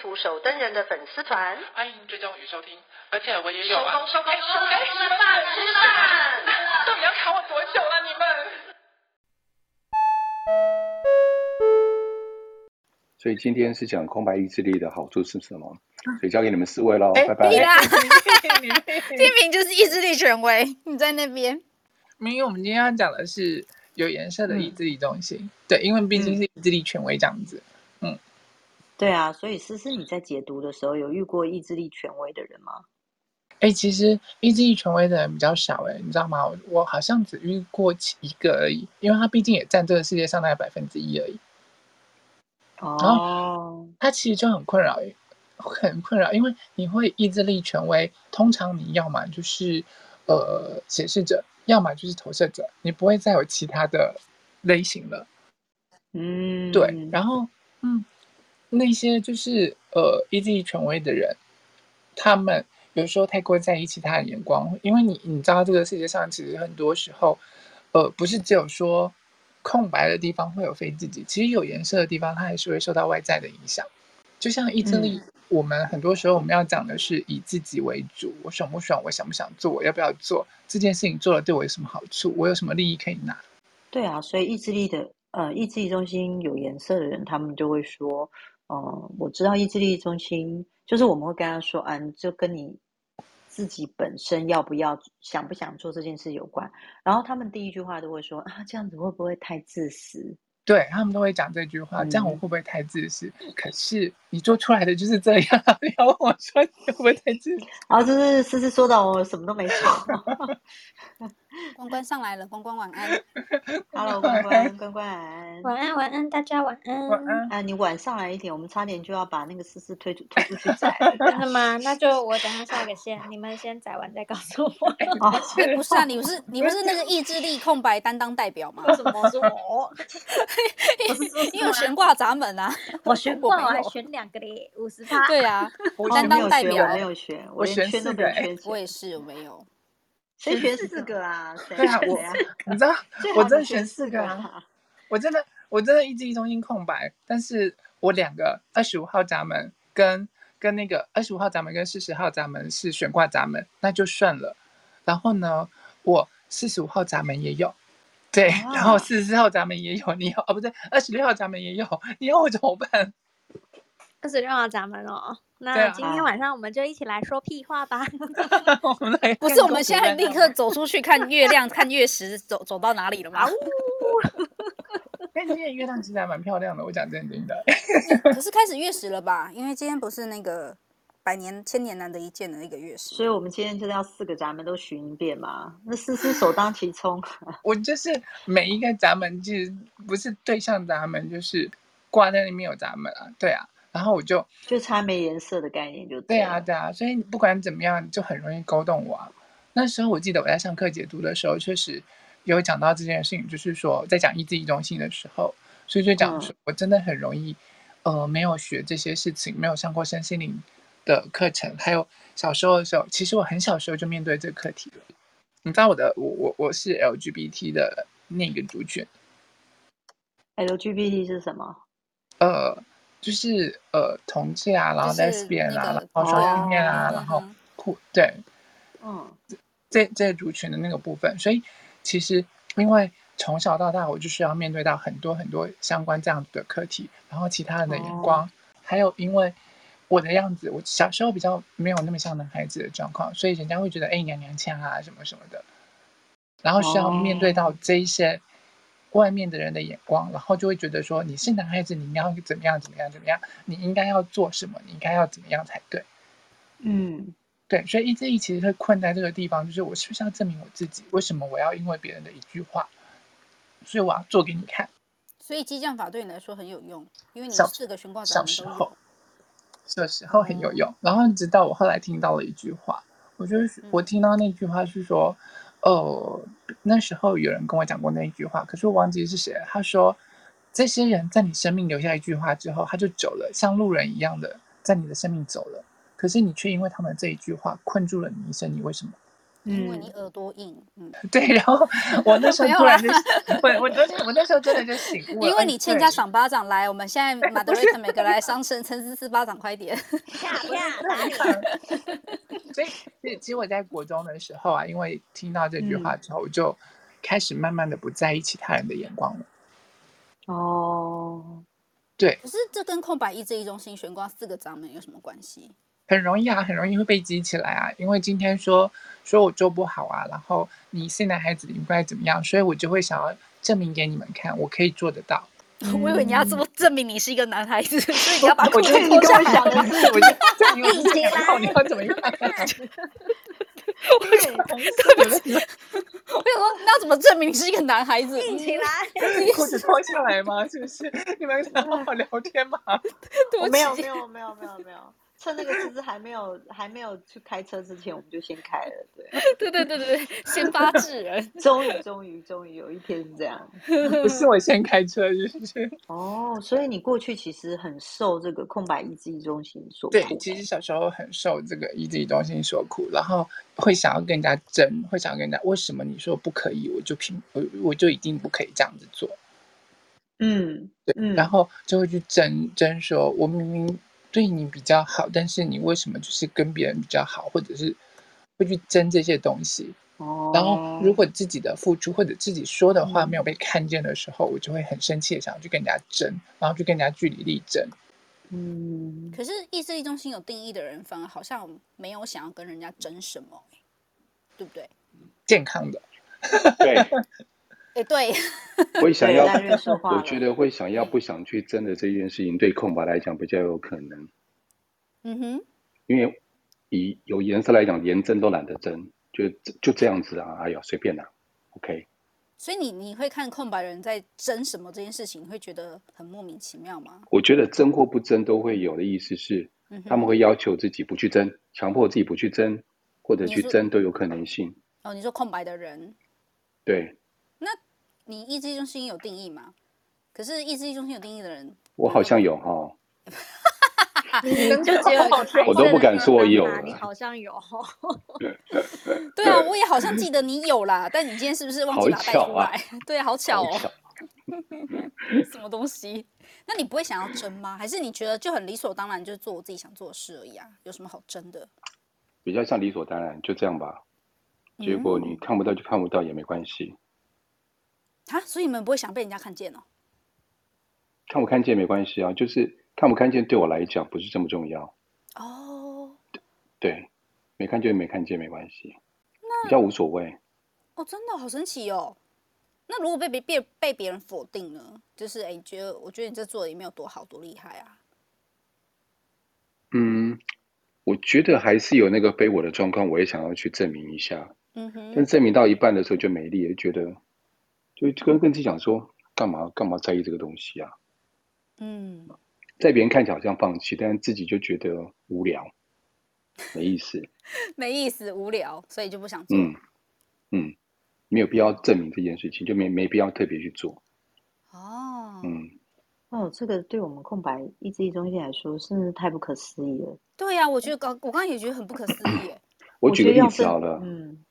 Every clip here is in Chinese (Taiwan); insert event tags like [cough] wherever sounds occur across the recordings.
徒手登人的粉絲團，歡迎追蹤與收聽，而且我也有、啊、收到底、哎啊、要卡我多久啊你們？所以今天是講空白意志力的好處是什麼，所以交給你們四位嘍、啊，拜拜。第一名就是意志力權威，你在那邊。明宇，我們今天要講的是有顏色的意志力東西，嗯、對，因為畢竟是意志力權威這樣子。對啊，所以思思，你在解讀的時候有遇過意志力權威的人嗎？哎、欸，其實意志力權威的人比較少、欸，哎，你知道嗎？我，我好像只遇過一個而已，因為他畢竟也占這個世界上大概百分之一而已。哦，他其實就很困擾、欸，很困擾，因為你會意志力權威，通常你要嘛就是呃顯示者，要嘛就是投射者，你不會再有其他的類型了。嗯，對，然後嗯。那些就是呃意志力權威的人，他們有時候太過在意其他的眼光，因為你你知道這個世界上其實很多時候，呃，不是只有說空白的地方會有非自己，其實有顏色的地方它還是會受到外在的影響。就像意志力，嗯，我們很多時候我們要講的是以自己為主，我爽不爽，我想不想做，我要不要做這件事情，做了對我有什麼好處，我有什麼利益可以拿？對啊，所以意志力的呃意志力中心有顏色的人，他們就會說。哦、呃，我知道意志力中心就是我們會跟他說，啊，就跟你自己本身要不要、想不想做這件事有關。然後他們第一句話都會說：“啊，這樣子會不會太自私？”對他們都會講這句話，嗯，這樣我會不會太自私？可是你做出來的就是這樣，你 [laughs] 要問我說你會不會太自私？啊，這是思思說到我什麼都沒說。 [laughs] 關關上來了，關關晚安。Hello，關關，關關晚安，晚安，晚安，大家晚安。晚安啊，你晚上來一點，我們差點就要把那個思思推出推出去宰。 [laughs] 真的嗎？那就我等一下下一個先 [laughs] 你們先宰完再告訴我。 [laughs] 不是啊，你是你不是那個意志力空白擔當代表嗎？為什麼 [laughs] 是我？是 [laughs] 我 [laughs] 你有懸掛閘門啊？我懸掛 [laughs] 我還懸兩個咧，五十八。對啊，我擔當代表，沒有懸，我連圈都沒有圈，我也是我沒有。誰選四個啊？對啊，我你知道， [laughs] 我真的選四個。四個啊、我真的我真的一直意志中心空白，但是我兩個二十五號閘門跟跟那個二十五號閘門跟四十號閘門是懸掛閘門，那就算了。然後呢，我四十五號閘門也有，對，哦、然後四十四號閘門也有，你有啊、哦？不對，二十六號閘門也有，你要我怎麼辦？二十六號閘門哦。那今天晚上我們就一起來說屁話吧。啊、 [laughs] [laughs] [laughs] 不是，我們現在立刻走出去看月亮， [laughs] 看月食時，走 [laughs] 走到哪裡了嗎？哎， [laughs] 今天月亮其實還蠻漂亮的，我講真的， [laughs] 嗯。可是開始月食了吧？因為今天不是那個百年、千年難得一見的一個月食，所以我們今天就是要四個閘門都巡一遍嘛？那思思首當其衝， [laughs] [laughs] 我就是每一個閘門，門，就是不是對向閘門，就是掛在那邊有閘門啊？對啊。然後我就就差沒顏色的概念就對，對啊對啊，所以不管怎麼樣，就很容易勾動我、啊。那時候我記得我在上課解讀的時候，確實有講到這件事情，就是說在講意志力中心的時候，所以就講說我真的很容易、嗯，呃，沒有學這些事情，沒有上過身心靈的課程，還有小時候的時候，其實我很小時候就面對這個課題了。你知道我的，我我我是 LGBT 的那個主角。LGBT 是什麼？呃。就是呃同志啊，然後 lesbian 啊、就是那個，然後雙性戀啊，oh, okay, okay. 然後酷對，嗯，這這族群的那個部分，所以其實因為從小到大我就需要面對到很多很多相關這樣的課題，然後其他人的眼光，oh. 還有因為我的樣子，我小時候比較沒有那麼像男孩子的狀況，所以人家會覺得哎娘娘腔啊什麼什麼的，然後需要面對到這一些。外面的人的眼光，然後就會覺得說，你是男孩子，你要怎麼樣怎麼樣怎麼樣，你應該要做什麼，你應該要怎麼樣才對。嗯，對，所以一之一其實會困在這個地方，就是我是不是要證明我自己？為什麼我要因為別人的一句話，所以我要做給你看？所以激將法對你來說很有用，因為你是個懸掛。小時候，小時候很有用，嗯。然後直到我後來聽到了一句話，我就我聽到那句話是說。嗯哦，那時候有人跟我講過那一句話，可是我忘記是誰了。他說，這些人在你生命留下一句話之後，他就走了，像路人一樣的在你的生命走了。可是你卻因為他們這一句話困住了你一生，你為什麼？因為你耳朵硬，嗯，對。然後我那時候突然就，啊、我我那我那時候真的就醒悟了，因為你欠人家賞巴掌來、嗯，我們現在馬德里特每個人來傷身，陳思思巴掌快點， [laughs] Yeah . [laughs] 所以其實我在國中的時候啊，因為聽到這句話之後，嗯、我就開始慢慢的不在意其他人的眼光了。哦、oh，對。可是這跟空白意志力中心懸掛四個閘門有什麼關係？很容易啊，很容易會被激起來啊！因為今天說說我做不好啊，然後你是男孩子應該怎麼樣，所以我就會想要證明給你們看，我可以做得到。我以為你要怎麼證明你是一個男孩子，嗯、所以你要把我，褲子脫你跟我講了，我，我就脫，然後 [laughs] 你要怎麼樣、啊 [laughs] 我？我想說那要怎麼證明你是一個男孩子？你起來，褲子脫下來嗎？是不是？你們想好好聊天嗎？對不起。沒有，沒有，沒有，沒有，沒有。趁那個車子還沒有 [laughs] 還沒有去開車之前，我們就先開了，對，對對對對， [laughs] 先發制人。終於終於終於有一天是這樣， [laughs] 不是我先開車就是。哦，所以你過去其實很受這個空白意志力中心所對，其實小時候很受這個意志力中心所苦，然後會想要跟人家爭，會想要跟人家為什麼你說不可以，我就憑我我就一定不可以這樣子做。嗯，對，嗯、然後就會去爭爭說，我明明。對你比較好，但是你為什麼就是跟別人比較好，或者是會去爭這些東西？哦，然後如果自己的付出或者自己說的話沒有被看見的時候，嗯，我就會很生氣，想要去跟人家爭，然後去跟人家據理力爭。嗯，可是意志力中心有定義的人，反而好像沒有想要跟人家爭什麼，對不對？健康的， [laughs] 對。哎、欸，對，會 [laughs] 想要，我覺得會想要不想去爭的這件事情，對空白來講比較有可能。嗯哼，因為以有顏色來講，連爭都懶得爭，就就這樣子啊，哎呦，隨便啦、啊、，OK。所以你你會看空白人在爭什麼這件事情，你會覺得很莫名其妙嗎？我覺得爭或不爭都會有的，意思是、嗯、他們會要求自己不去爭，強迫自己不去爭，或者去爭都有可能性。哦，你說空白的人，對。你意志中心有定義嗎？可是意志力中心有定義的人，我好像有哈。嗯、 [laughs] [laughs] [laughs] [laughs] [laughs] [laughs] 我都不敢說有。你好像有。對啊，我也好像記得你有啦。但你今天是不是忘記把它帶出來？啊、 [laughs] 對，好巧哦、喔 [laughs] 巧啊。 [laughs] [laughs] [laughs] 什麼東西？ [laughs] 那你不會想要爭嗎？還是你覺得就很理所當然，就是做我自己想做的事而已啊？有什麼好爭的？比較像理所當然，就這樣吧。嗯、結果你看不到就看不到也沒關係。啊！所以你們不會想被人家看見哦？看不看見沒關係啊，就是看不看見對我來講不是這麼重要。哦，對，沒看見沒看見，沒關係，比較無所謂。哦，真的好神奇哦！那如果被別被被別人否定呢？就是哎，欸、你覺得我覺得你這做的也沒有多好多厲害啊。嗯，我覺得還是有那個非我的狀況，我也想要去證明一下。嗯哼，但證明到一半的時候就沒力，也覺得。就跟跟自己講說，幹嘛幹嘛在意這個東西啊？嗯，在別人看起來好像放棄，但自己就覺得無聊，沒意思， [laughs] 沒意思，無聊，所以就不想做。嗯嗯，沒有必要證明這件事情，就沒沒必要特別去做。哦，嗯，哦，這個對我們空白意志力中心來說，是不是太不可思議了？對呀、啊，我覺得剛我剛剛也覺得很不可思議 [coughs] 。我舉個例子好了，嗯。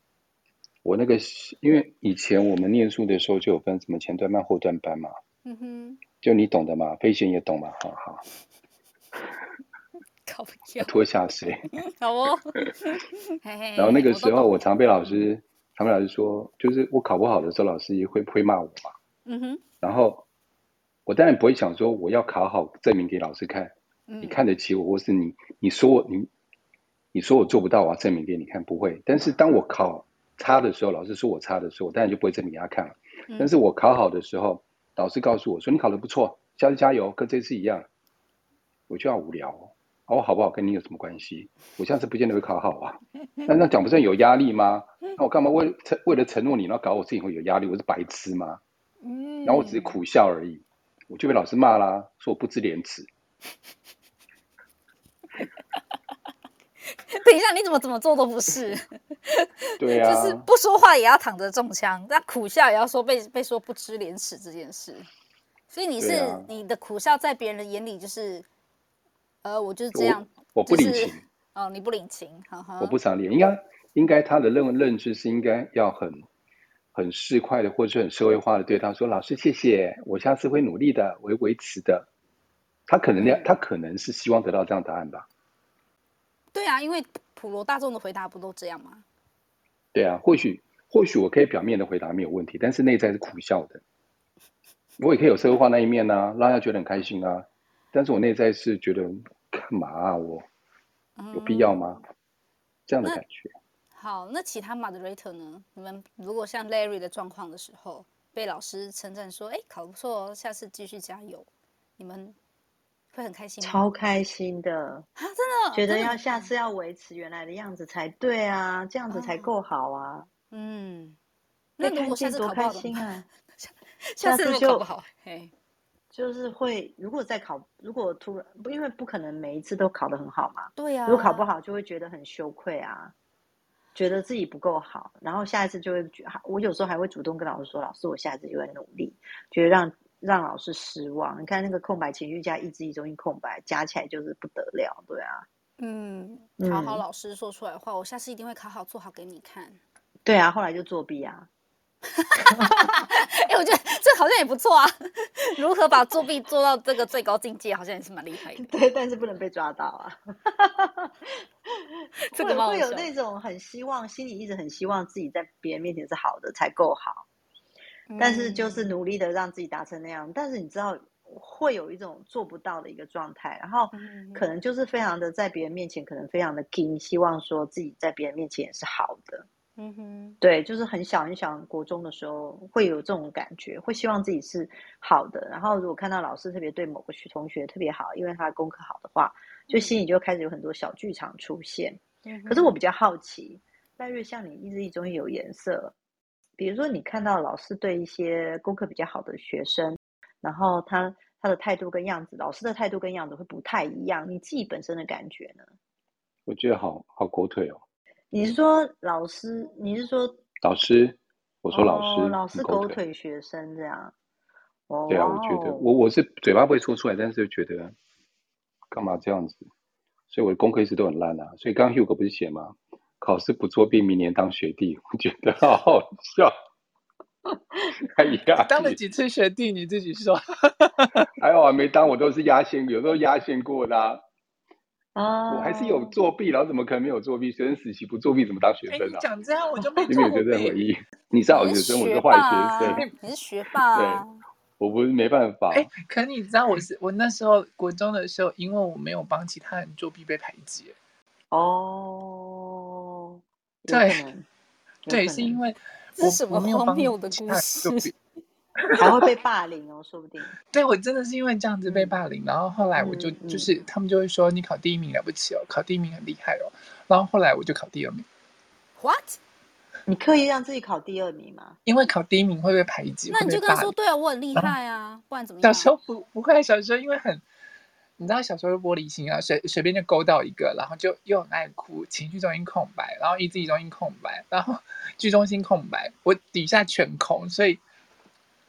我那個，因為以前我們念書的時候就有分什麼前段班、後段班嘛，嗯哼，就你懂的嘛，飛仙也懂嘛，哈哈，搞 [laughs] 不掉，拖、啊、下誰？好哦，然後那個時候我常被老師嘿嘿，常被老師說，就是我考不好的時候，老師也會不會罵我嘛？嗯哼，然後我當然不會想說我要考好，證明給老師看、嗯，你看得起我，或是你你說我你你說我做不到，我要證明給你看，不會。嗯、但是當我考差的時候，老師說我差的時候，我當然就不會證明給他看了。但是我考好的時候，老師告訴我說：“嗯、你考得不錯，下次加油，跟這次一樣。”我就要無聊哦，我、哦、好不好跟你有什麼關係？我下次不見得會考好啊。但那那講不是有壓力嗎？那我幹嘛為為了承諾你，然後搞我自己會有壓力？我是白痴嗎？然後我只是苦笑而已，我就被老師罵啦、啊，說我不知廉恥。嗯 [laughs] [laughs] 等一下，你怎麼怎麼做都不是， [laughs] 對、啊、就是不說話也要躺着中槍，但苦笑也要說被被說不知廉恥這件事。所以你是、啊、你的苦笑在別人眼裡就是，呃，我就是這樣，我，我不領情、就是、不領情哦，你不領情，哈哈，我不想領。應該應該他的認認知是應該要很很市儈的，或者是很社會化的對他說：“老師，謝謝，我下次會努力的，維維持的。”他可能他可能是希望得到這樣的答案吧。對啊，因為普羅大眾的回答不都這樣嗎？對啊，或許或許我可以表面的回答沒有問題，但是內在是苦笑的。我也可以有社會化那一面啊，讓大家覺得很開心啊。但是我內在是覺得幹嘛啊？我有必要嗎？嗯，這樣的感覺。好，那其他 moderator 呢？你們如果像 Larry 的狀況的時候，被老師稱讚說“哎，考不錯哦，下次繼續加油”，你們。會很開心，超開心的、啊、真的覺得要下次要維持原來的樣子才對啊，啊這樣子才夠好啊。嗯，欸、那你如果下次考不好、欸、開心，多開心啊下次就，下次如果考不好嘿就是會如果再考，如果突然因為不可能每一次都考得很好嘛。對呀、啊，如果考不好就會覺得很羞愧啊，覺得自己不夠好，然後下一次就會覺得，我有時候還會主動跟老師說，老師我下一次就會努力，覺得讓。讓老師失望，你看那個空白情緒加一知一中一空白，加起來就是不得了，對啊，嗯，考好，好老師說出來的話、嗯，我下次一定會考好做好給你看，對啊，後來就作弊啊，哎、 [laughs] [laughs] [laughs] 欸，我覺得這好像也不錯啊， [laughs] 如何把作弊做到這個最高境界，好像也是蠻厲害的，對，但是不能被抓到啊，會 [laughs] [laughs] 會有那種很希望，心裡一直很希望自己在別人面前是好的，才夠好。但是就是努力的讓自己達成那樣、嗯，但是你知道會有一種做不到的一個狀態，然後可能就是非常的在別人面前、嗯、可能非常的緊，希望說自己在別人面前也是好的。嗯哼，對，就是很小很小國中的時候會有這種感覺、嗯，會希望自己是好的。然後如果看到老師特別對某個同學特別好，因為他的功課好的話，就心裡就開始有很多小劇場出現、嗯。可是我比較好奇，賴瑞像你意志力中心有顏色。比如說，你看到老師對一些功課比較好的學生，然後他他的態度跟樣子，老師的態度跟樣子會不太一樣。你自己本身的感覺呢？我覺得好好狗腿哦。你是說老師？嗯、你是說老師、老師？我說老師，哦、老師狗腿、腿學生這樣、哦。對啊，我覺得、哦、我我是嘴巴不會說出來，但是就覺得幹嘛這樣子？所以我的功課一直都很爛啊。所以剛剛 Hugo 不是寫嗎？考試不作弊，明年當學弟，我覺得好好笑。哎 [laughs] 呀壓力， [laughs] 當了幾次學弟你自己說。還有還沒當，我都是壓線，有時候壓線過啦、啊。哦、uh...。我還是有作弊，然後我怎麼可能沒有作弊？學生時期不作弊怎麼當學生啊？欸、你想這樣，我就你沒作弊。你是好學生，我是壞學生。你是學霸。 [laughs] 對。我不是沒辦法。哎、欸，可你知道我是我那時候國中的時候，因為我沒有幫其他人作弊被排擠。哦、oh...。對，對，是因為我這是什麼荒謬的故事？還會被霸凌哦，說不定。 [laughs] 對，我真的是因為這樣子被霸凌，嗯、然後後來我就、嗯嗯、就是他們就會說，你考第一名了不起哦，考第一名很厲害哦，然後後來我就考第二名。What？ [laughs] 你刻意讓自己考第二名嗎？因為考第一名會被排擠，那你就跟他說、嗯、對啊、哦，我很厲害啊，不然怎麼樣？小時候不不會，小時候因為很。你知道小時候玻璃心啊，隨隨便就勾到一個，然後就又很愛哭，情緒中心空白，然後意志力中心空白，然後劇中心空白，我底下全空，所以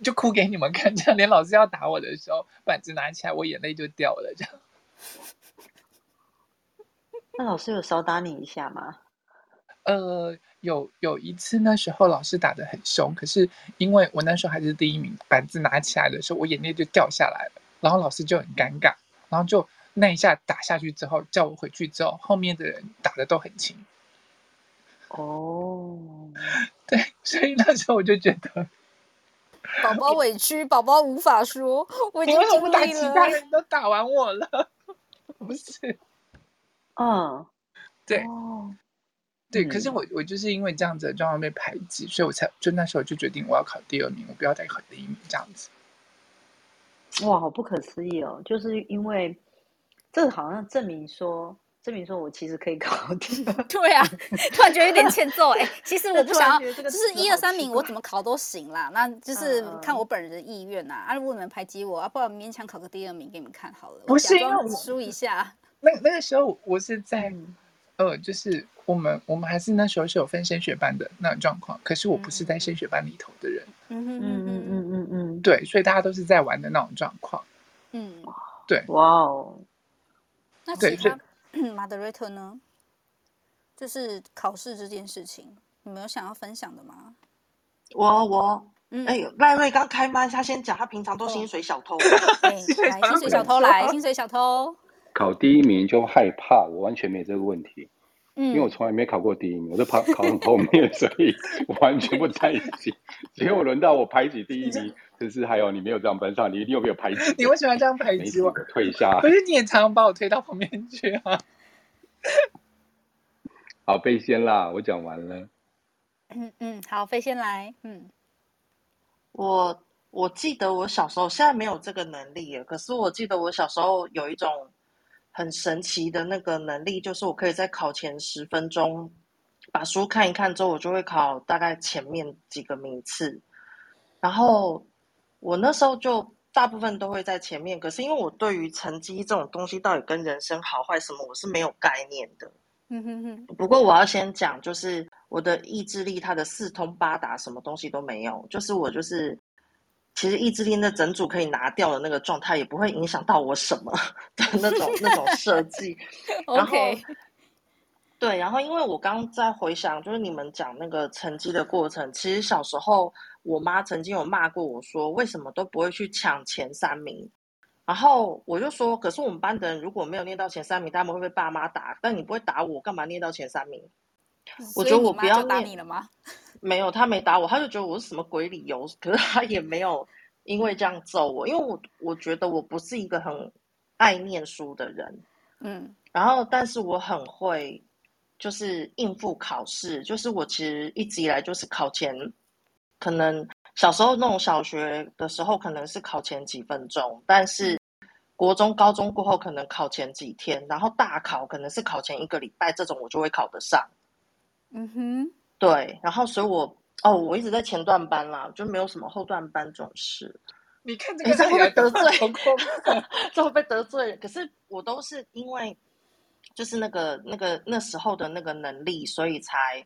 就哭給你們看。這樣連老師要打我的時候，板子拿起來，我眼淚就掉了。這樣，那老師有少打你一下嗎？呃，有，有一次那時候老師打得很凶，可是因為我那時候還是第一名，板子拿起來的時候我眼淚就掉下來了，然後老師就很尷尬。然後就那一下打下去之後，叫我回去之後，後面的人打的都很輕。哦、oh.，對，所以那時候我就覺得，寶寶委屈，寶寶無法說，我已經盡力了。為什麼打其他人都打完我了？ [laughs] 不是，嗯、uh.，對，oh. 對，mm. 可是我我就是因為這樣子狀況被排擠，所以我才就那時候就決定我要考第二名，我不要再考第一名這樣子。哇，好不可思議哦！就是因為這好像證明說，證明說我其實可以搞定。對啊， [laughs] 突然覺得有點欠揍哎、欸。其實我不想要， [laughs] 就，就是一二三名我怎麼考都行啦。那就是看我本人的意願吶、啊嗯。啊，如果你們排擠我，啊，不然勉強考個第二名給你們看好了。不是因為我輸一下。那那個時候我是在。呃，就是我們我們還是那時候是有分升學班的那種狀況，可是我不是在升學班裡頭的人，嗯嗯嗯嗯嗯嗯，對，所以大家都是在玩的那種狀況，嗯，對，哇哦，那其他馬德瑞特呢？就是考試這件事情，你沒有想要分享的嗎？我我，嗯、哎呦，賴瑞剛開麥，他先講，他平常都薪水小偷，哦 [laughs] 欸、來薪水小偷來薪水小偷。考第一名就害怕，我完全沒這個問題，嗯，因為我從來沒考過第一名，我都怕考很後面， [laughs] 所以我完全不在一起。 [laughs] 結果輪到我排擠第一名，可是還有你沒有這樣排上，你你有沒有排擠？你為什麼要這樣排擠、啊？我退下。可 [laughs] 是，你也常常把我推到旁邊去、啊。 [laughs] 好，飛仙啦，我講完了。嗯嗯，好，飛仙來。嗯，我我記得我小時候，現在沒有這個能力了，可是我記得我小時候有一種。很神奇的那個能力，就是我可以在考前十分鐘把書看一看之後，我就會考大概前面幾個名次。然後我那時候就大部分都會在前面，可是因為我對於成績這種東西到底跟人生好壞什麼，我是沒有概念的。不過我要先講，就是我的意志力，它的四通八達，什麼東西都沒有，就是我就是。其實意志力的整組可以拿掉的那個狀態，也不會影響到我什麼的那種 [laughs] 那種設計。OK，對，然後因為我剛在回想，就是你們講那個成績的過程。其實小時候，我媽曾經有罵過我說：“為什麼都不會去搶前三名？”然後我就說：“可是我們班的人如果沒有念到前三名，他們會被爸媽打。但你不會打我，幹嘛念到前三名？”我覺得我不要念。所以你媽就打你了嗎？沒有，他沒打我，他就覺得我是什麼鬼理由。可是他也沒有因為這樣揍我，因為我我覺得我不是一個很愛念書的人，嗯，然後但是我很會就是應付考試，就是我其實一直以來就是考前，可能小時候那種小學的時候可能是考前幾分鐘，但是國中高中過後可能考前幾天，然後大考可能是考前一個禮拜，這種我就會考得上。嗯哼。對，然後所以我，我哦，我一直在前段班啦，就沒有什麼後段班這種事。你看這個，你、欸、遭被得罪，會 [laughs] 被得罪。可是我都是因為，就是那個那個那時候的那個能力，所以才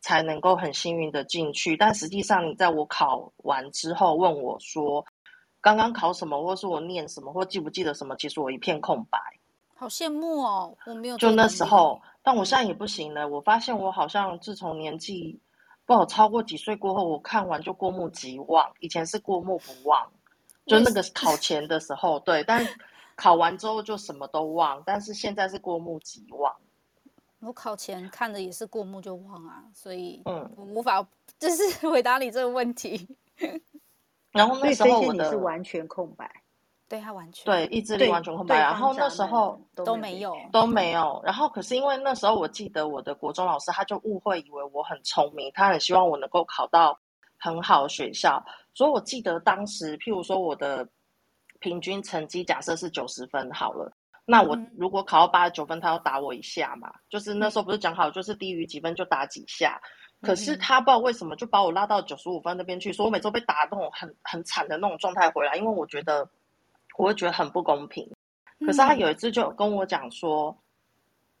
才能夠很幸運的進去。但實際上，你在我考完之後問我說，剛剛考什麼，或是我念什麼，或記不記得什麼，其實我一片空白。好羨慕哦，我沒有。就那時候，但我現在也不行了。我發現我好像自從年紀不好超過幾歲過後，我看完就過目即忘。以前是過目不忘，就那個考前的時候，對。但考完之後就什麼都忘，但是現在是過目即忘。我考前看的也是過目就忘啊，所以嗯，我無法就是回答你這個問題。然後那時候我的是完全空白。對他完全對,對意志力完全空白，對對然後那時候都沒有都沒有,、嗯、都沒有，然後可是因為那時候我記得我的國中老師他就誤會以為我很聰明，他很希望我能夠考到很好的學校，所以我記得當時譬如說我的平均成績假設是九十分好了，那我如果考到八十九分，他要打我一下嘛、嗯，就是那時候不是講好就是低於幾分就打幾下，可是他不知道為什麼就把我拉到九十五分那邊去，所以我每周被打那種很很慘的那種狀態回來，因為我覺得。我會覺得很不公平，可是他有一次就跟我講說，嗯，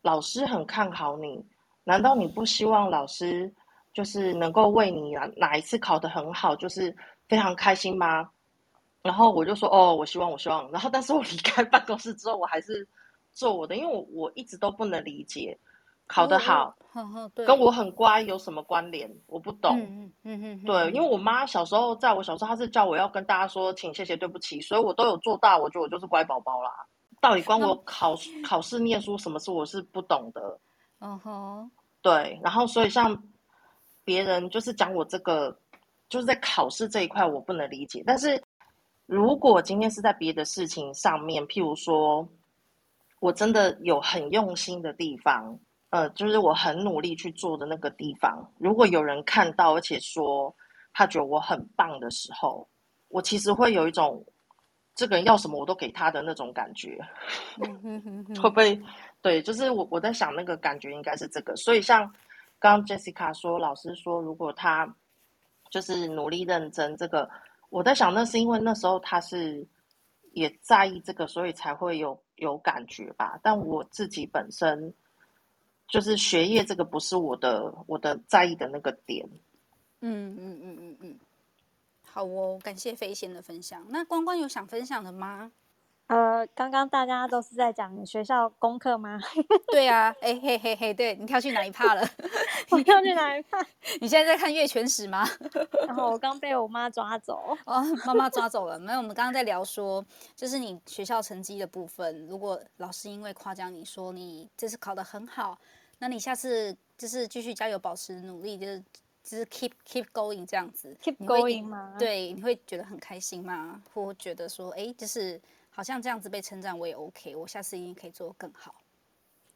老師很看好你，難道你不希望老師就是能夠為你哪一次考得很好，就是非常開心嗎？然後我就說哦，我希望，我希望。然後但是我離開辦公室之後，我還是做我的，因為我，我一直都不能理解。考得好 oh, oh, oh，跟我很乖有什麼關聯？我不懂。嗯嗯對，因為我媽小時候在我小時候，她是叫我要跟大家說，請謝謝對不起，所以我都有做到。我覺得我就是乖寶寶啦。到底關我考、oh. 考試唸書什麼事？我是不懂的。嗯哼，對。然後所以像別人就是講我這個，就是在考試這一塊我不能理解。但是如果今天是在別的事情上面，譬如說我真的有很用心的地方。呃，就是我很努力去做的那個地方，如果有人看到而且說他覺得我很棒的時候，我其實會有一種這個人要什麼我都給他的那種感覺，會 [laughs] 不 [laughs] 對，就是我我在想那個感覺應該是這個。所以像剛剛 Jessica 說，老師說如果他就是努力認真，這個我在想，那是因為那時候他是也在意這個，所以才會有有感覺吧。但我自己本身。就是學業這個不是我的我的在意的那個點。嗯嗯嗯嗯嗯，好哦，感謝飛仙的分享。那關關有想分享的嗎？呃，剛剛大家都是在講學校功課嗎？對啊，哎、欸、嘿嘿嘿，對，你跳去哪一趴了？ [laughs] 我跳去哪一趴？ [laughs] 你現在在看月全食嗎？ [laughs] 然後我剛被我媽抓走。哦，媽媽抓走了。 [laughs] 沒有，我們剛剛在聊說，就是你學校成績的部分，如果老師因為誇獎你說你這次考得很好。那你下次就是繼續加油，保持努力，就是就是 keep keep going 這樣子，keep going 嗎、嗯？對，你會覺得很開心嗎？或覺得說，哎、欸，就是好像這樣子被稱讚我也 OK，我下次一定可以做得更好。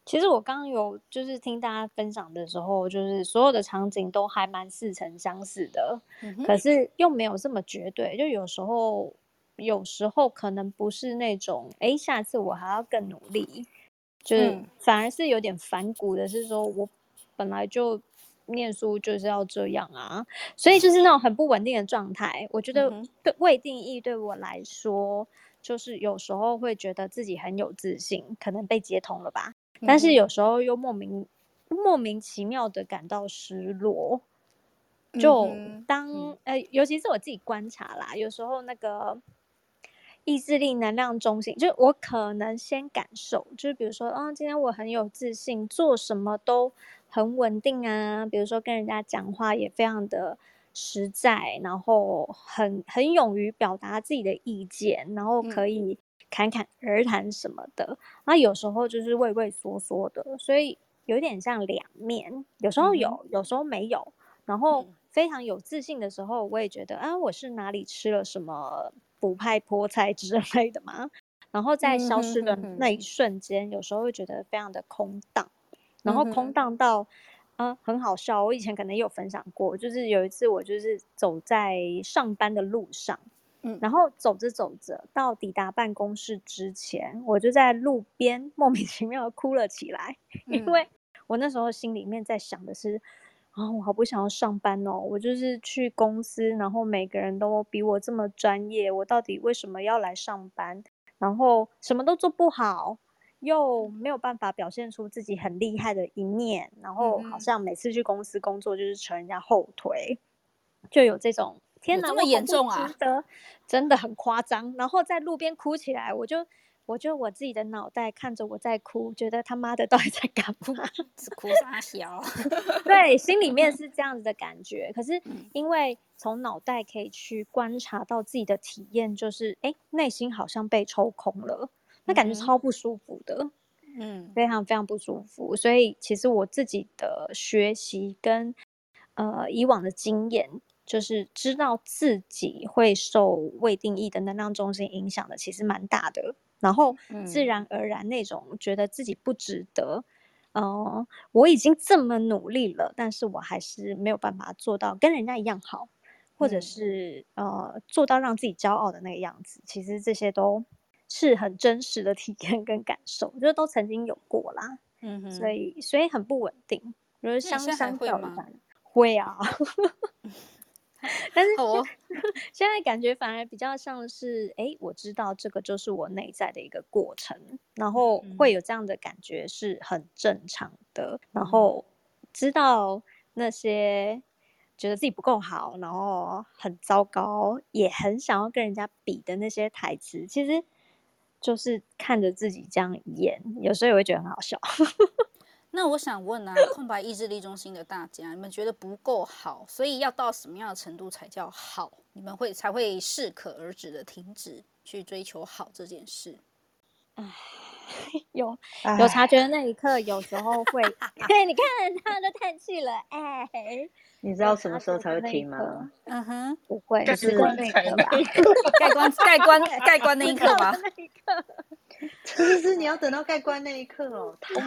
其實我剛剛有就是聽大家分享的時候，就是所有的場景都還蠻似曾相識的、嗯，可是又沒有這麼絕對，就有時候有時候可能不是那種，哎、欸，下次我還要更努力。就是反而是有點反骨的，是說我本來就念書就是要這樣啊，所以就是那種很不穩定的狀態。我覺得未定義對我來說，就是有時候會覺得自己很有自信，可能被接通了吧，但是有時候又莫名莫名其妙的感到失落。就當呃，尤其是我自己觀察啦，有時候那個。意志力能量中心，就是我可能先感受，就是比如說，啊，今天我很有自信，做什麼都很穩定啊。比如說跟人家講話也非常的實在，然後很很勇於表達自己的意見，然後可以侃侃而談什麼的。啊、嗯，有時候就是畏畏縮縮的，所以有點像兩面，有時候有，有時候沒有。然後非常有自信的時候，我也覺得，啊，我是哪裡吃了什麼？補派菠菜之類的嘛，然後在消失的那一瞬間、嗯，有時候會覺得非常的空蕩，然後空蕩到嗯，嗯，很好笑。我以前可能有分享過，就是有一次我就是走在上班的路上，嗯、然後走着走着到抵達辦公室之前，我就在路邊莫名其妙的哭了起來、嗯，因為我那時候心裡面在想的是，啊、哦，我好不想要上班哦！我就是去公司，然後每個人都比我這麼專業，我到底為什麼要來上班？然後什麼都做不好，又沒有辦法表現出自己很厲害的一面，然後好像每次去公司工作就是扯人家後腿，嗯、就有這種天哪，這麼嚴重啊？真的很誇張，然後在路邊哭起來，我就。我覺得我自己的腦袋看着我在哭，覺得他媽的到底在幹嘛？只哭啥條？對，心裡面是這樣子的感覺。嗯、可是因為從腦袋可以去觀察到自己的體驗，就是哎，內、欸、心好像被抽空了，嗯，那感覺超不舒服的，嗯，非常非常不舒服。所以其實我自己的學習跟呃以往的經驗，就是知道自己會受未定義的能量中心影響的，其實蠻大的。然後自然而然那種覺得自己不值得，嗯、呃，我已經這麼努力了，但是我還是沒有辦法做到跟人家一樣好，嗯、或者是呃做到讓自己驕傲的那個樣子。其實這些都是很真實的體驗跟感受，就都曾經有過啦。嗯哼，所以所以很不穩定，覺、嗯、得相會相比會啊。 [laughs] [laughs] 但是、哦、 [laughs] 現在感覺反而比較像是，哎、欸，我知道這個就是我內在的一個過程，然後會有這樣的感覺是很正常的。嗯、然後知道那些覺得自己不夠好，然後很糟糕，也很想要跟人家比的那些台詞，其實就是看着自己這樣演，有時候也會覺得很好笑。 [laughs] 那我想問啊，空白意志力中心的大家，你們覺得不夠好，所以要到什麼樣的程度才叫好？你們會才會適可而止的停止去追求好這件事？哎，有有察覺的那一刻，有時候會。哎， [laughs] 你看他都嘆氣了，哎。你知道什麼時候才會停嗎？ [laughs] 嗯哼，不會。才 [laughs] 蓋棺蓋棺蓋棺那一刻嗎？其 [laughs] 實你要等到蓋棺那一刻哦，太、oh、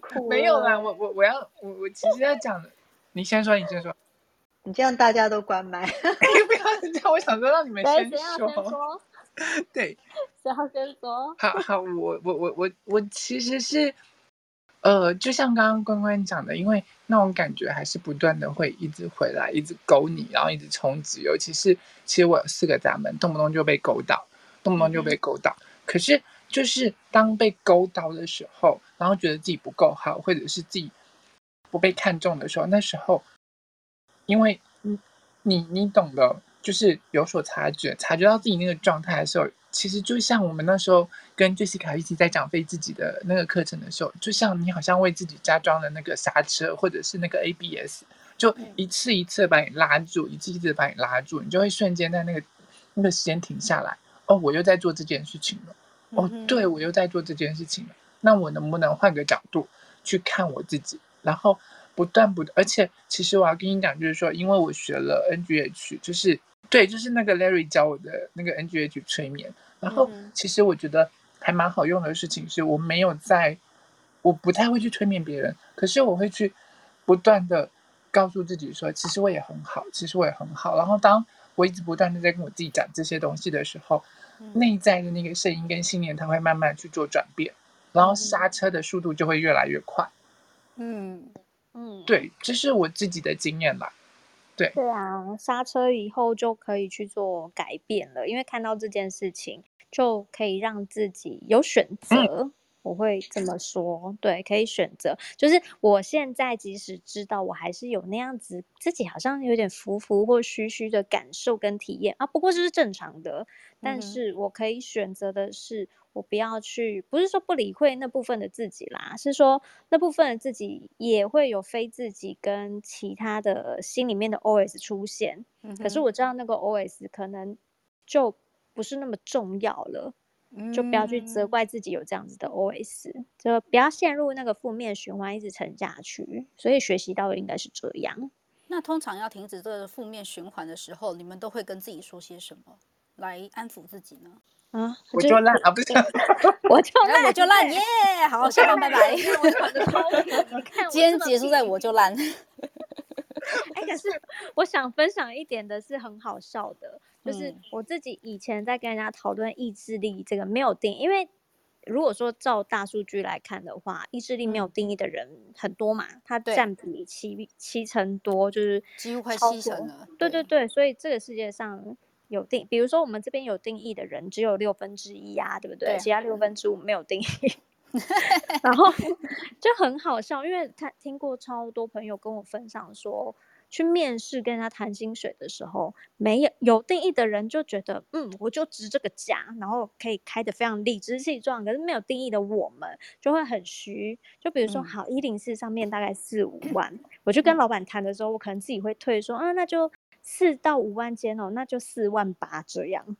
苦了，沒有啦，我我我要我我其實要講的， [laughs] 你先說，你先說，你這樣大家都關麥， [laughs] [laughs] 不要這樣，我想說讓你們先說，對，誰要先說？ [laughs] 誰要先說 [laughs] 好好，我我我我我其實是，呃，就像剛剛關關講的，因為那種感覺還是不斷的會一直回來，一直勾你，然後一直充值，尤其是其實我有四個閘門，動不動就被勾到，動不動就被勾到，嗯、可是。就是當被勾到的時候，然後覺得自己不夠好，或者是自己不被看重的時候，那時候，因為你你你懂的，就是有所察覺，察覺到自己那個狀態的時候，其實就像我們那時候跟杰西卡一起在講非自己的那個課程的時候，就像你好像為自己加裝了那個剎車，或者是那個 ABS，就一次一次的把你拉住，一次一次的把你拉住，你就會瞬間在那個那個時間停下來。哦，我又在做這件事情了。哦，對，我又在做這件事情了，那我能不能換個角度去看我自己？然後不斷不，而且其實我要跟你講，就是說，因為我學了 NGH，就是對，就是那個 Larry 教我的那個 NGH 催眠。然後其實我覺得還蠻好用的事情是，我沒有在，我不太會去催眠別人，可是我會去不斷的告訴自己說，其實我也很好，其實我也很好。然後當我一直不斷的在跟我自己講這些東西的時候，內在的那個聲音跟信念，它會慢慢去做轉變，嗯，然後剎車的速度就會越來越快。嗯嗯，對，這是我自己的經驗吧。對。對、嗯、啊，剎車以後就可以去做改變了，因為看到這件事情就可以讓自己有選擇。嗯。我會這麼說，對，可以選擇。就是我現在即使知道，我還是有那樣子，自己好像有點浮浮或虛虛的感受跟體驗啊。不過這是正常的，但是我可以選擇的是，我不要去，不是說不理會那部分的自己啦，是說那部分的自己也會有非自己跟其他的心裡面的 OS 出現。可是我知道那個 OS 可能就不是那麼重要了。就不要去責怪自己有這樣子的 O S，、嗯、就不要陷入那個負面循環，一直沉下去。所以學習到的應該是這樣。那通常要停止這個負面循環的時候，你們都會跟自己說些什麼來安撫自己呢？嗯、就我就爛，我就爛、欸，我就爛，耶！好，下班，拜拜。 [laughs] [laughs] 今天結束在我就爛。 [laughs] 哎、 [laughs] 欸，可是我想分享一點的是很好笑的，嗯、就是我自己以前在跟人家討論意志力這個沒有定，因為如果說照大數據來看的話，意志力沒有定義的人很多嘛，嗯、他占比七七成多，就是幾乎快七成了。對對對，對所以這個世界上有定，比如說我們這邊有定義的人只有六分之一呀，對不對？對啊、其他六分之五沒有定義。嗯 [laughs] 然後就很好笑，因為他聽過超多朋友跟我分享說，去面試跟他談薪水的時候，沒有有定義的人就覺得，嗯，我就值這個價，然後可以開得非常理直氣壯。可是沒有定義的我們就會很虛，就比如說好一零四上面大概四五萬、嗯，我就跟老板談的時候，我可能自己會退說，嗯、啊，那就四到五萬間哦，那就四萬八這樣。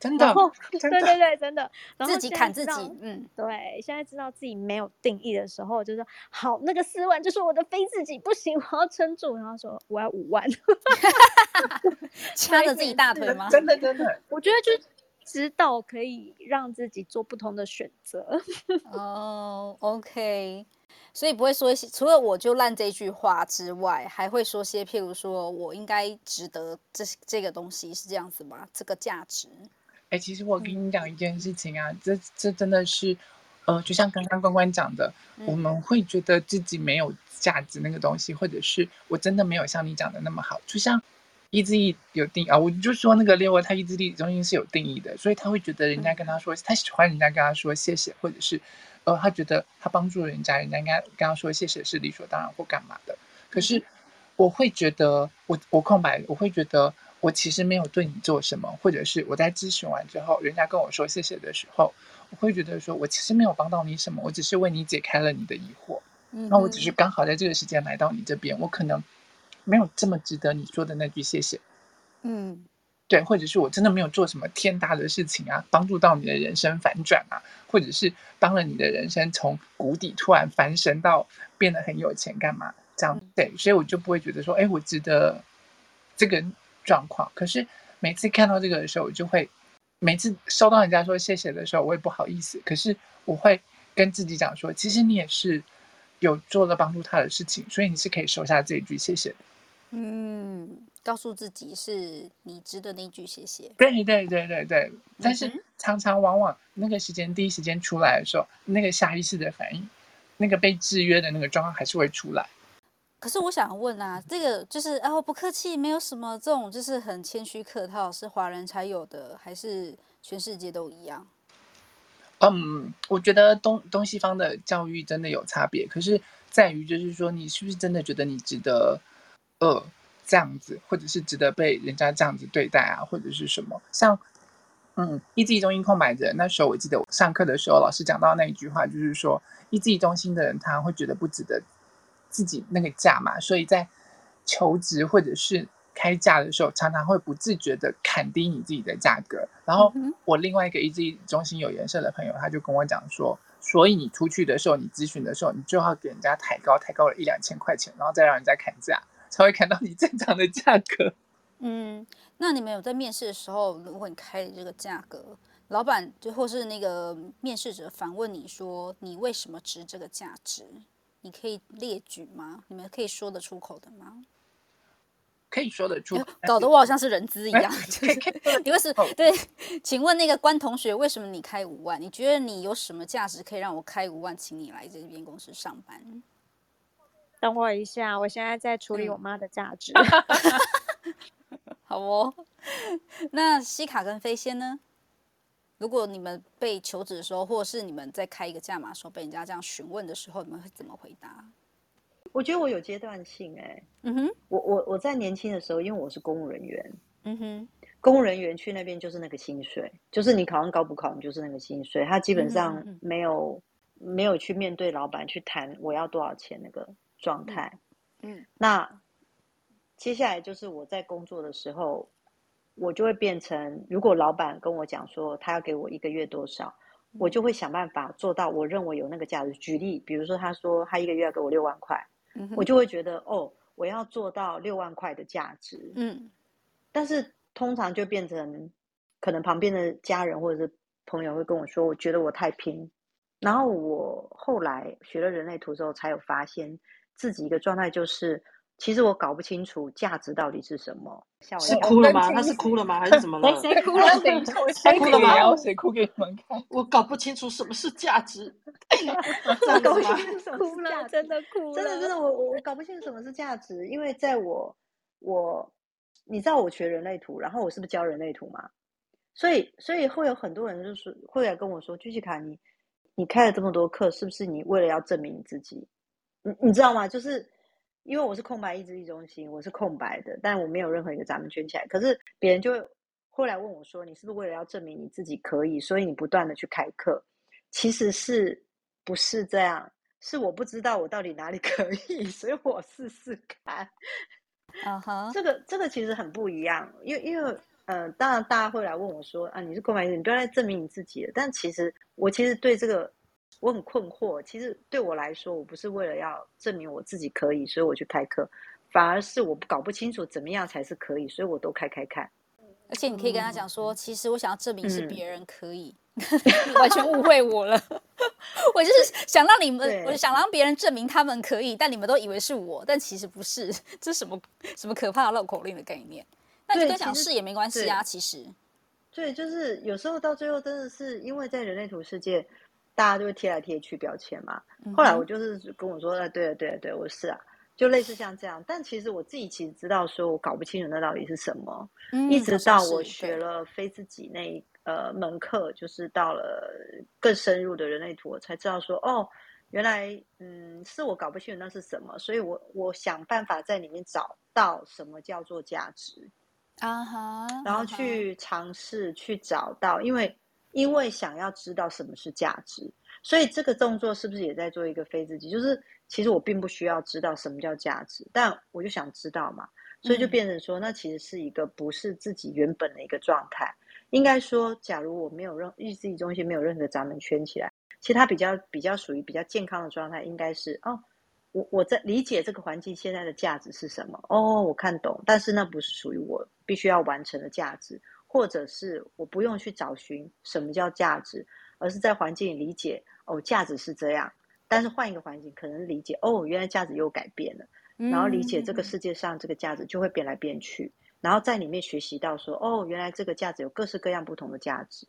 真的，真的，對對對，真的，然後。自己砍自己，嗯，對，現在知道自己沒有定義的時候，就是好那個四萬，就是我的非自己不行，我要撐住，然後說我要五萬， [laughs] 掐着自己大腿嗎？ [laughs] 真？真的，真的，我覺得就知道可以讓自己做不同的選擇。哦、oh，OK，所以不會說一些，除了我就爛這句話之外，還會說些，譬如說我應該值得這這個東西是這樣子嗎？這個價值。哎、欸，其實我跟你講一件事情啊，嗯、這這真的是，呃，就像剛剛關關講的、嗯，我們會覺得自己沒有價值那個東西，或者是我真的沒有像你講的那麼好。就像意志力有定義啊，我就說那個列維，他意志力中心是有定義的，所以他會覺得人家跟他說、嗯、他喜歡，人家跟他說謝謝，或者是，呃，他覺得他幫助人家，人家應該跟他說謝謝是理所當然或幹嘛的。可是我會覺得、嗯、我我空白，我會覺得。我其實沒有對你做什麼，或者是我在諮詢完之後，人家跟我說謝謝的時候，我會覺得說，我其實沒有幫到你什麼，我只是為你解開了你的疑惑，嗯，那我只是剛好在這個時間來到你這邊，我可能沒有這麼值得你說的那句謝謝，嗯，對，或者是我真的沒有做什麼天大的事情啊，幫助到你的人生反轉啊，或者是幫了你的人生從谷底突然翻身到變得很有錢幹嘛，這樣，嗯，對，所以我就不會覺得說，誒，我值得這個。狀況，可是每次看到這個的時候，我就會每次收到人家說謝謝的時候，我也不好意思。可是我會跟自己講說，其實你也是有做了幫助他的事情，所以你是可以收下這一句謝謝。嗯，告訴自己是你值得那句謝謝。對對對對對、嗯，但是常常往往那個時間第一時間出來的時候，那個下意識的反應，那個被制約的那個狀況還是會出來。可是我想問啊，這個就是哦、啊，不客氣，沒有什麼這種就是很謙虛客套，是華人才有的，還是全世界都一樣？嗯，我覺得東東西方的教育真的有差別，可是在於就是說，你是不是真的覺得你值得呃這樣子，或者是值得被人家這樣子對待啊，或者是什麼？像嗯，意志力中心空白的人，那時候我記得我上課的時候，老師講到那一句話，就是說意志力中心的人，他會覺得不值得。自己那個價嘛，所以在求職或者是開價的時候，常常會不自覺地砍低你自己的價格。然後我另外一個 Ego 中心有顏色的朋友，他就跟我講說，所以你出去的時候，你諮詢的時候，你最好給人家抬高，抬高了一兩千塊錢，然後再讓人家砍價，才會砍到你正常的價格。嗯，那你們有在面試的時候，如果你開這個價格，老闆就或是那個面試者反問你說，你為什麼值這個價值？你可以列舉嗎？你們可以說得出口的嗎？可以說得出口、哎，搞得我好像是人資一樣，哎、就是因為是、哦、對，請問那個關同學，為什麼你開五萬？你覺得你有什麼價值可以讓我開五萬，請你來這邊公司上班？等我一下，我現在在處理我媽的價值。嗯、 [laughs] [laughs] 好哦，那西卡跟飛仙呢？如果你們被求職的時候，或者是你們在開一個價碼的時候，被人家這樣詢問的時候，你們會怎麼回答？我覺得我有階段性哎、欸，嗯哼，我我我在年輕的時候，因為我是公務人員，嗯哼，公務人員去那邊就是那個薪水，就是你考上高普考，你就是那個薪水，他基本上沒有、嗯、沒有去面對老闆去談我要多少錢那個狀態、嗯，嗯，那接下來就是我在工作的時候。我就會變成，如果老闆跟我講說他要給我一個月多少，我就會想辦法做到我認為有那個價值。舉例，比如說他說他一個月要給我六萬塊，我就會覺得哦，我要做到六萬塊的價值。嗯，但是通常就變成，可能旁邊的家人或者是朋友會跟我說，我覺得我太拼。然後我後來學了人類圖之後，才有發現自己一個狀態就是。其實我搞不清楚價值到底是什麼，是哭了嗎？他是哭了嗎？還是怎麼了？ [laughs] 誰哭了？誰哭了？誰哭了？誰哭給你們看？ [laughs] 我搞不清楚什麼是價值， [laughs] 搞不清楚價值 [laughs] 真的嗎？哭了，真的哭了，真的真的，我我我搞不清楚什麼是價值，因為在我我，你知道我學人類圖，然後我是不是教人類圖嘛？所以所以會有很多人就是會來跟我說，Jessica，你，你開了這麼多課，是不是你為了要證明你自己？你你知道嗎？就是。因為我是空白意志力中心，我是空白的，但我沒有任何一個閘門圈起來。可是別人就會後來問我說：“你是不是為了要證明你自己可以，所以你不斷的去開課？”其實是不是這樣？是我不知道我到底哪裡可以，所以我試試看。啊哈，這個這個其實很不一樣，因為因為呃，當然大家會來問我說：“啊，你是空白意志，你不要來證明你自己。”但其實我其實對這個。我很困惑，其實對我來說，我不是為了要證明我自己可以，所以我去開課，反而是我搞不清楚怎麼樣才是可以，所以我都開開看。而且你可以跟他講說，嗯、其實我想要證明是別人可以，嗯、 [laughs] 完全誤會我了。 [laughs] [laughs] 我就是想讓你們，我就想讓別人證明他們可以，但你們都以為是我，但其實不是。這是什麼什麼可怕的繞口令的概念？那你跟想試也沒關係啊。其實對，就是有時候到最後真的是因為在人類圖世界。大家就會貼來貼去標籤嘛。後來我就是跟我說：“哎、嗯啊，對了，對了，對了，我是啊，就類似像這樣。”但其實我自己其實知道，說我搞不清楚那到底是什麼、嗯。一直到我學了非自己那一呃、嗯、門課，就是到了更深入的人類圖，我才知道說：“哦，原來嗯是我搞不清楚那是什麼。”所以我，我我想辦法在裡面找到什麼叫做價值啊哈、嗯，然後去嘗試去找到，嗯、因為。因為想要知道什麼是價值，所以這個動作是不是也在做一個非自己？就是其實我並不需要知道什麼叫價值，但我就想知道嘛，所以就變成說，那其實是一個不是自己原本的一個狀態。應該說，假如我沒有意志力中心，沒有任何閘門圈起來，其實它比較比較屬於比較健康的狀態。應該是哦，我我在理解這個環境現在的價值是什麼。哦，我看懂，但是那不是屬於我必須要完成的價值。或者是我不用去找尋什麼叫價值，而是在環境裡理解哦，價值是這樣。但是換一個環境，可能理解哦，原來價值又改變了。然後理解這個世界上這個價值就會變來變去。然後在裡面學習到說哦，原來這個價值有各式各樣不同的價值。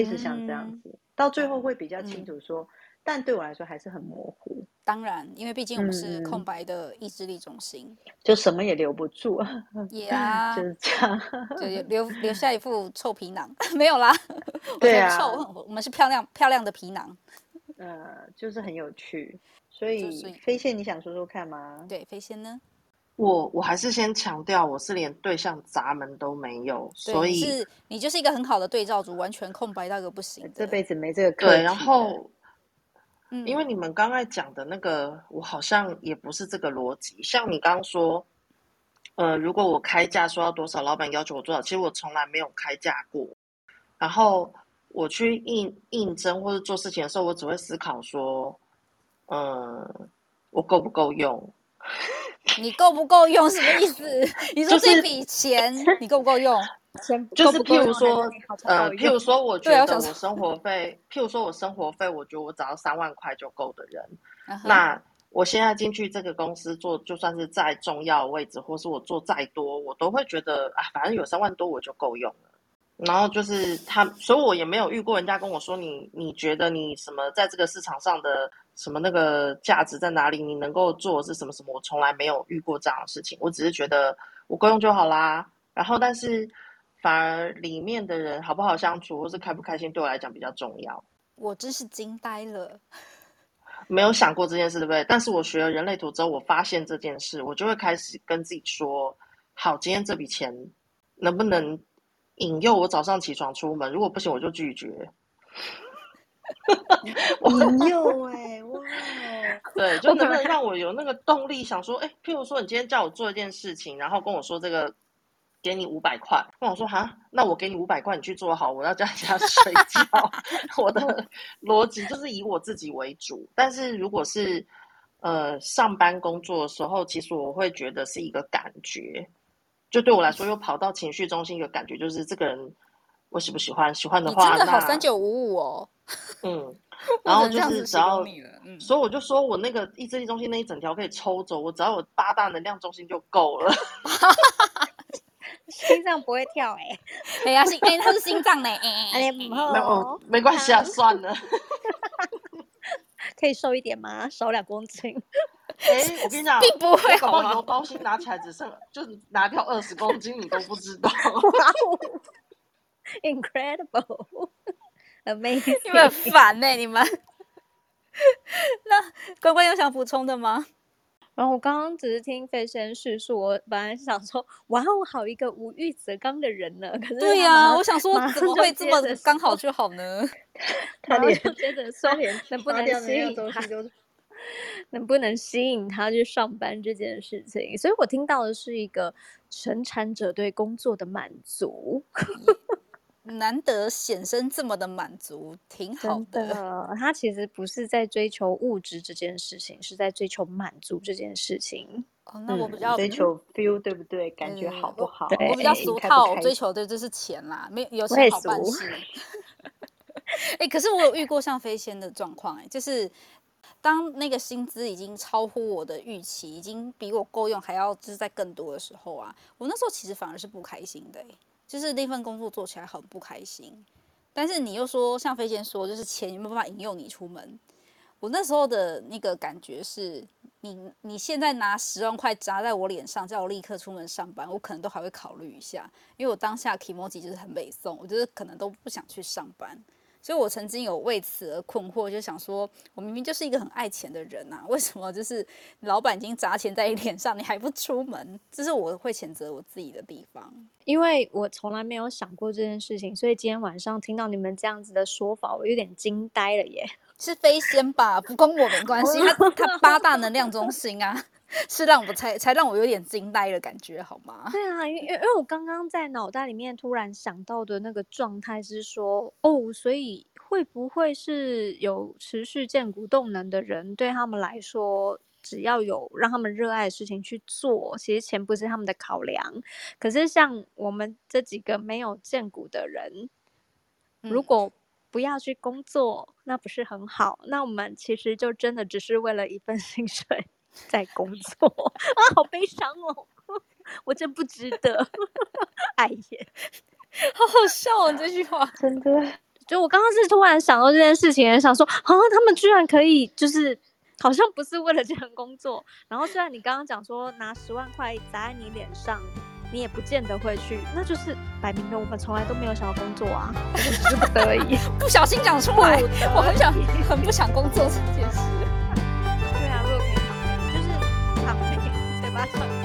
類似像這樣子，嗯，到最後會比較清楚說，嗯，但對我來說還是很模糊。當然，因為畢竟我是空白的意志力中心，嗯，就什麼也留不住。也、yeah, 啊，就是這樣，就留留下一副臭皮囊， [laughs] 沒有啦。對啊，我臭我們是漂亮漂亮的皮囊。呃，就是很有趣。所以飛、就是、仙，你想說說看嗎？對，飛仙呢？我我還是先強調，我是連對象閘門都沒有，所以你，是你就是一個很好的對照組，完全空白到個不行。這輩子沒這個對，然後、嗯，因為你們剛才講的那個，我好像也不是這個邏輯。像你剛，剛說，呃，如果我開價說要多少，老闆要求我多少，其實我從來沒有開價過。然後我去應應徵或者做事情的時候，我只會思考說，嗯、呃，我夠不夠用。 [laughs] 你夠不夠用？什麼意思？ [laughs] 就是、你說這筆錢你夠不夠用？錢就是譬如說， [laughs] 呃，譬如說，我覺得我生活費， [laughs] 譬如說我生活費，我覺得我只要三萬塊就夠的人。 [laughs] 那我現在進去這個公司做，就算是再重要的位置，或是我做再多，我都會覺得啊，反正有三萬多我就夠用了。然後就是他，所以我也沒有遇過人家跟我說你，你覺得你什麼在這個市場上的。什麼那個價值在哪裡？你能夠做是什麼什麼？我從來沒有遇過這樣的事情。我只是覺得我夠用就好啦。然後，但是反而裡面的人好不好相處，或是開不開心，對我來講比較重要。我真是驚呆了，沒有想過這件事對不對？但是我學了人類圖之後，我發現這件事，我就會開始跟自己說：好，今天這筆錢能不能引誘我早上起床出門？如果不行，我就拒絕。我 [laughs] 有哎、欸，我有、哦。 [laughs] 對，就能不能讓我有那個動力，想說，哎、欸，譬如說，你今天叫我做一件事情，然後跟我說這個，給你五百塊，跟我說，哈，那我給你五百塊，你去做好，我要在家，家睡覺。 [laughs] [laughs] 我的邏輯就是以我自己為主，但是如果是呃上班工作的時候，其實我會覺得是一個感覺，就對我來說，又跑到情緒中心一個感覺，就是這個人。我喜不喜歡？喜歡的話，那真的好三九五五哦。嗯，然後就是只要，只你了嗯、所以我就說我那個意志力中心那一整條可以抽走，我只要有八大能量中心就夠了。 [laughs] 心臟不會跳哎、欸，對、 [laughs] 欸、啊心哎、欸，它是心臟呢哎哎，沒 [laughs] 哦，沒關係啊，啊，算了。 [laughs] 可以瘦一點嗎？瘦兩公斤。哎、欸，我跟你講，並不會好。把你的包心拿起來，只剩就是拿掉二十公斤，你都不知道。 [laughs] Incredible, amazing！你們很煩呢、欸，你們。 [laughs] 那關關有想補充的嗎？然後我剛剛只是聽飛仙敘述，我本來是想說，哇哦，我好一個無欲則剛的人呢。對呀、啊，我想說怎麼會這麼剛好就好呢？然後就覺得說能能，能不能吸引他？能不能吸引他去上班這件事情？所以我聽到的是一個生產者對工作的滿足。 [laughs] 難得顯身這麼的滿足，挺好的，真的。他其實不是在追求物質這件事情，是在追求滿足這件事情。哦，那我比較、嗯、追求 feel，對不對？嗯、感覺好不好？嗯、我，我比較俗、欸、套，追求的就是錢啦。沒有錢好辦事。哎、 [laughs] [laughs] 欸，可是我有遇過像飛仙的狀況、欸，哎，就是當那個薪資已經超乎我的預期，已經比我夠用還要就是在更多的時候啊，我那時候其實反而是不開心的、欸就是那份工作做起來很不開心，但是你又說像飛仙說，就是錢有沒有辦法引誘你出門？我那時候的那個感覺是，你你現在拿十萬塊砸在我臉上，叫我立刻出門上班，我可能都還會考慮一下，因為我當下 Kimoji 就是很北宋，我覺得可能都不想去上班。所以，我曾經有為此而困惑，就想說，我明明就是一個很愛錢的人吶，為什麼就是老闆已經砸錢在你臉上，你還不出門？這是我會譴責我自己的地方。因為我從來沒有想過這件事情，所以今天晚上聽到你們這樣子的說法，我有點驚呆了耶。是飛仙吧？不關我沒關係。他他八大能量中心啊， [laughs] 是讓我才才讓我有點驚呆的感覺，好嗎？對啊，因為因為我剛剛在腦袋裡面突然想到的那個狀態是說，哦，所以會不會是有持續薦骨動能的人，對他們來說，只要有讓他們熱愛的事情去做，其實錢不是他們的考量。可是像我們這幾個沒有薦骨的人，嗯、如果。不要去工作，那不是很好？那我們其實就真的只是為了一份薪水在工作 [laughs] 啊，好悲傷哦， [laughs] 我真不值得。 [laughs] 哎呀，好好笑啊這句話，真的。就我剛剛是突然想到這件事情，也想說啊，他們居然可以就是好像不是為了這樣工作。然後雖然你剛剛講說拿十萬塊砸在你臉上。你也不見得會去，那就是擺明了，我們從來都沒有想要工作啊，是 [laughs] 不得已，不小心講出來，我很想，很不想工作這件事。 [laughs] [laughs] 對啊，如果可以躺平，你就是躺平，嘴巴上。